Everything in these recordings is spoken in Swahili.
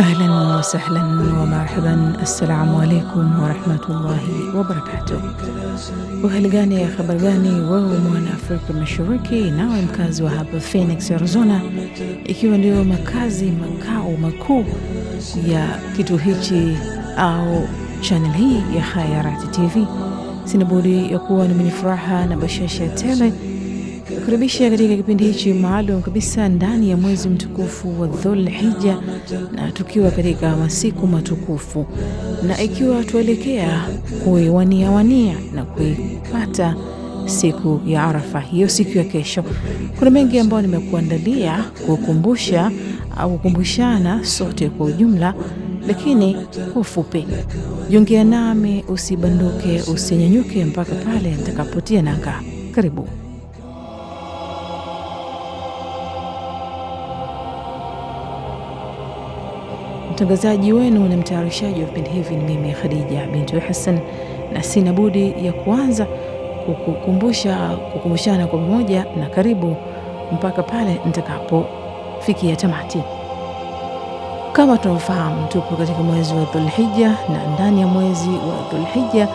Ahlan wasahlan wamarhaban, assalamu alaikum warahmatullahi wabarakatuh. Uhali gani ya habari gani, wewe mwana Afrika Mashariki, nawe mkazi wa hapa Phoenix Arizona, ikiwa ndio makazi makao makuu ya kitu hichi au channel hii ya Khayarati TV, sina budi ya kuwa ni mwenye furaha na bashasha tele Kukaribisha katika kipindi hichi maalum kabisa ndani ya mwezi mtukufu wa hija na tukiwa katika masiku matukufu, na ikiwa tuelekea kuiwania wania na kuipata siku ya Arafa, hiyo siku ya kesho, kuna mengi ambayo nimekuandalia kukumbusha au kukumbushana sote kwa ujumla, lakini kwa ufupi, jongea nami, usibanduke, usinyanyuke mpaka pale nitakapotia nanga. Karibu. Mtangazaji wenu na mtayarishaji wa vipindi hivi ni mimi Khadija binti Hassan, na sina budi ya kuanza kukukumbusha kukumbushana kwa pamoja, na karibu mpaka pale nitakapofikia tamati. Kama tunavyofahamu, tupo katika mwezi wa Dhulhija, na ndani ya mwezi wa Dhulhija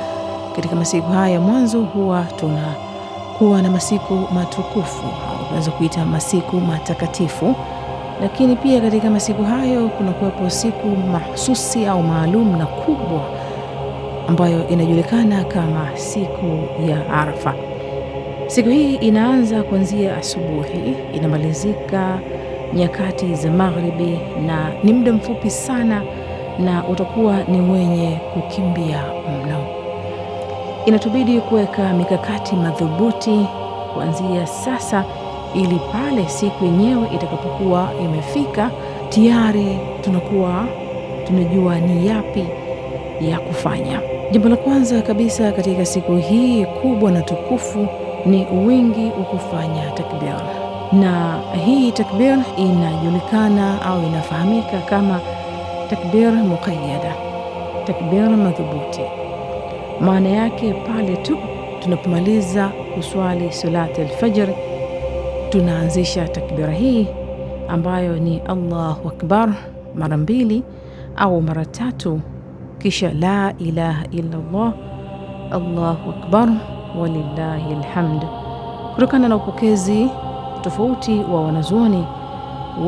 katika masiku haya mwanzo huwa tunakuwa na masiku matukufu au kuita masiku matakatifu lakini pia katika masiku hayo kuna kuwepo siku mahsusi au maalum na kubwa ambayo inajulikana kama siku ya Arafa. Siku hii inaanza kuanzia asubuhi, inamalizika nyakati za magharibi, na ni muda mfupi sana na utakuwa ni wenye kukimbia mno. Inatubidi kuweka mikakati madhubuti kuanzia sasa ili pale siku yenyewe itakapokuwa imefika tayari tunakuwa tunajua ni yapi ya kufanya. Jambo la kwanza kabisa katika siku hii kubwa na tukufu ni wingi wa kufanya takbir, na hii takbir inajulikana au inafahamika kama takbir muqayyada, takbir madhubuti. Maana yake pale tu tunapomaliza kuswali salati alfajr tunaanzisha takbira hii ambayo ni Allahu akbar mara mbili au mara tatu, kisha la ilaha illa Allah, Allahu akbar walillahi alhamd. Kutokana na upokezi tofauti wa wanazuoni,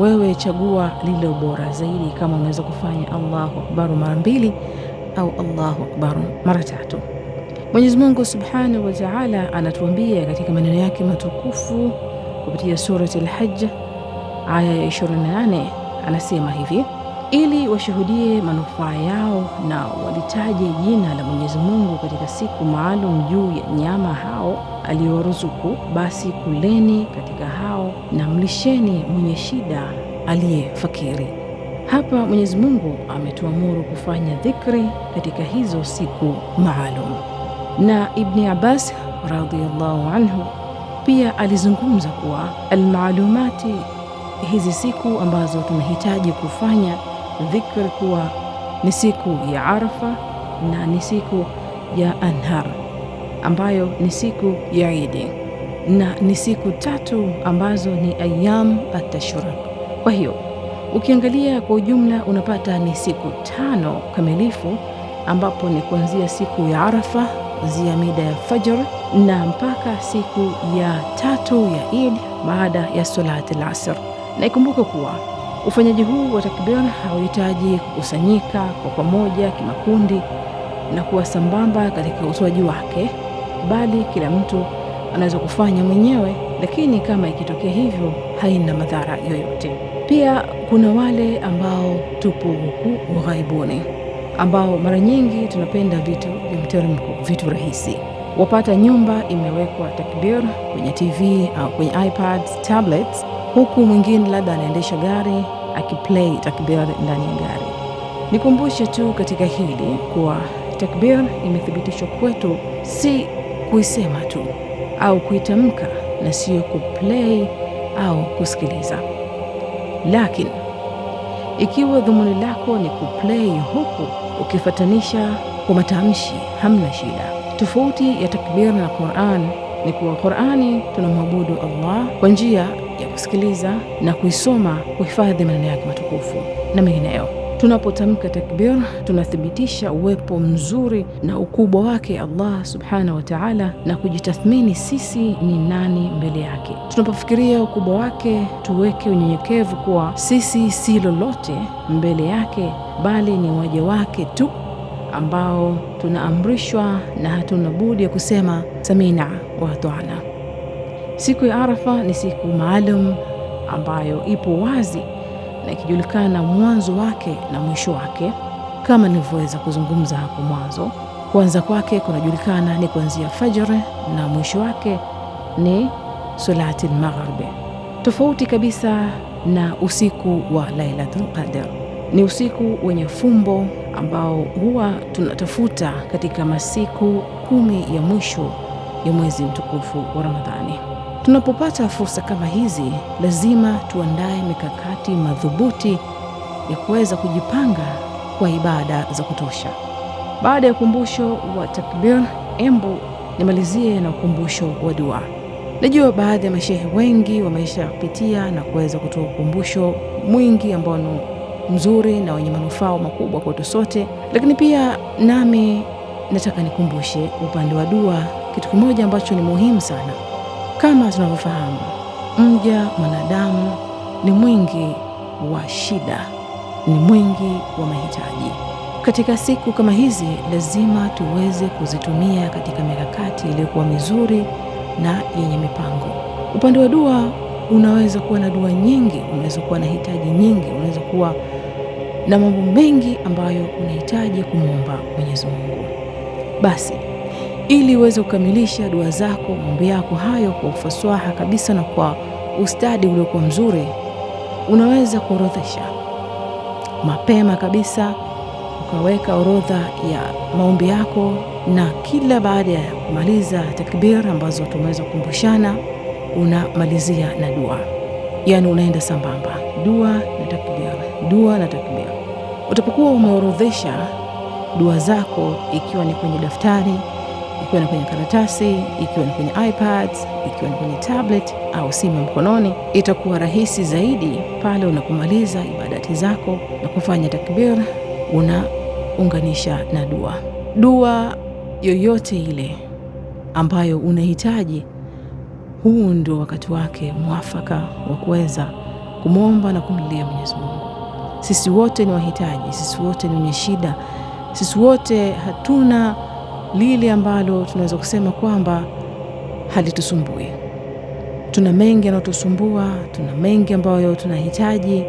wewe chagua lilo bora zaidi, kama unaweza kufanya Allahu akbar mara mbili au Allahu akbar mara tatu. Mwenyezi Mungu Subhanahu wa Ta'ala anatuambia katika maneno yake matukufu kupitia surati Al-Hajj aya ya 28 anasema hivi: ili washuhudie manufaa yao na walitaje jina la Mwenyezi Mungu katika siku maalum juu ya nyama hao aliyowaruzuku, basi kuleni katika hao na mlisheni mwenye shida aliye fakiri. Hapa Mwenyezi Mungu ametuamuru kufanya dhikri katika hizo siku maalum, na Ibni Abbas radhiyallahu anhu pia alizungumza kuwa almaalumati hizi siku ambazo tunahitaji kufanya dhikr kuwa ni siku ya Arafa na ni siku ya Anhar ambayo ni siku ya Idi na ni siku tatu ambazo ni ayam atashura. Kwa hiyo ukiangalia kwa ujumla unapata ni siku tano kamilifu ambapo ni kuanzia siku ya Arafa kuanzia mida ya fajr na mpaka siku ya tatu ya Eid baada ya salati al Na ikumbuke kuwa ufanyaji huu wa takbir hauhitaji kukusanyika kwa pamoja kimakundi na kuwa sambamba katika utoaji wake, bali kila mtu anaweza kufanya mwenyewe, lakini kama ikitokea hivyo haina madhara yoyote. Pia kuna wale ambao tupo huku ughaibuni ambao mara nyingi tunapenda vitu vya mteremko, vitu rahisi. Wapata nyumba imewekwa takbir kwenye TV au kwenye iPads, tablets, huku mwingine labda anaendesha gari akiplay takbir ndani ya gari. Nikumbushe tu katika hili kuwa takbir imethibitishwa kwetu si kuisema tu au kuitamka na sio kuplay au kusikiliza. Lakini ikiwa dhumuni lako ni kuplay huku Ukifatanisha kwa matamshi hamna shida. Tofauti ya takbir na Qur'an ni kuwa Qur'ani tunamwabudu Allah kwa njia ya kusikiliza na kuisoma, kuhifadhi maneno yake matukufu na mengineyo. Tunapotamka takbir, tunathibitisha uwepo mzuri na ukubwa wake Allah subhanahu wa ta'ala, na kujitathmini sisi ni nani mbele yake. Tunapofikiria ukubwa wake, tuweke unyenyekevu kuwa sisi si lolote mbele yake, bali ni waja wake tu ambao tunaamrishwa na hatuna budi ya kusema samina wa atwana. Siku ya Arafa ni siku maalum ambayo ipo wazi Eh, na ikijulikana mwanzo wake na mwisho wake. Kama nilivyoweza kuzungumza hapo mwanzo, kuanza kwake kunajulikana ni kuanzia fajr na mwisho wake ni salati lmaghribi, tofauti kabisa na usiku wa Lailatul Qadr. Ni usiku wenye fumbo ambao huwa tunatafuta katika masiku kumi ya mwisho ya mwezi mtukufu wa Ramadhani. Tunapopata fursa kama hizi, lazima tuandae mikakati madhubuti ya kuweza kujipanga kwa ibada za kutosha. Baada ya ukumbusho wa takbir, embu nimalizie na ukumbusho wa dua. Najua baadhi ya mashehe wengi wamesha pitia na kuweza kutoa ukumbusho mwingi ambao ni mzuri na wenye manufaa makubwa kwetu sote, lakini pia nami nataka nikumbushe upande wa dua kitu kimoja ambacho ni muhimu sana. Kama tunavyofahamu, mja mwanadamu ni mwingi wa shida, ni mwingi wa mahitaji. Katika siku kama hizi, lazima tuweze kuzitumia katika mikakati iliyokuwa mizuri na yenye mipango. Upande wa dua, unaweza kuwa na dua nyingi, unaweza kuwa na hitaji nyingi, unaweza kuwa na mambo mengi ambayo unahitaji kumwomba Mwenyezi Mungu. Basi ili uweze kukamilisha dua zako, maombi yako hayo kwa ufasaha kabisa na kwa ustadi uliokuwa mzuri. Unaweza kuorodhesha mapema kabisa ukaweka orodha ya maombi yako, na kila baada ya kumaliza takbir ambazo tumeweza kukumbushana, unamalizia na dua, yaani unaenda sambamba, dua na takbir, dua na takbir. Utapokuwa umeorodhesha dua zako, ikiwa ni kwenye daftari ikiwa ni kwenye karatasi, ikiwa ni kwenye iPads, ikiwa ni kwenye tablet au simu mkononi. Itakuwa rahisi zaidi pale unapomaliza ibadati zako na kufanya takbir, unaunganisha na dua. Dua yoyote ile ambayo unahitaji, huu ndio wakati wake mwafaka wa kuweza kumwomba na kumlilia Mwenyezi Mungu. Sisi wote ni wahitaji, sisi wote ni wenye shida, sisi wote hatuna lile ambalo tunaweza kusema kwamba halitusumbui. Tuna mengi yanayotusumbua, tuna mengi ambayo tunahitaji,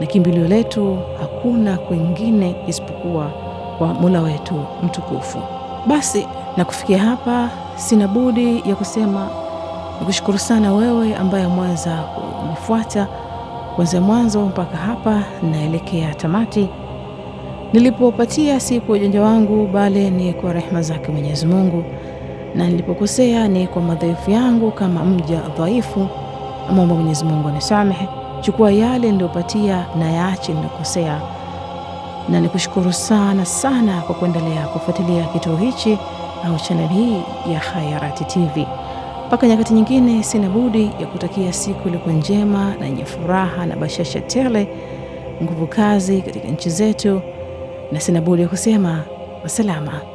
na kimbilio letu hakuna kwingine isipokuwa kwa Mola wetu mtukufu. Basi na kufikia hapa, sina budi ya kusema nikushukuru sana wewe ambaye mwanza kunifuata kuanzia mwanzo mpaka hapa naelekea tamati. Nilipopatia siku ujanja wangu, bali ni kwa rehema zake Mwenyezi Mungu, na nilipokosea ni kwa madhaifu yangu kama mja dhaifu. Mwomba Mwenyezi Mungu anisamehe. Chukua yale niliyopatia na yaache niliyokosea, na nikushukuru sana sana kwa kuendelea kufuatilia kituo hichi au chaneli hii ya Khayrat TV. Mpaka nyakati nyingine, sina budi ya kutakia siku iliyokuwa njema na yenye furaha na bashasha tele, nguvu kazi katika nchi zetu na sina budi kusema wasalama.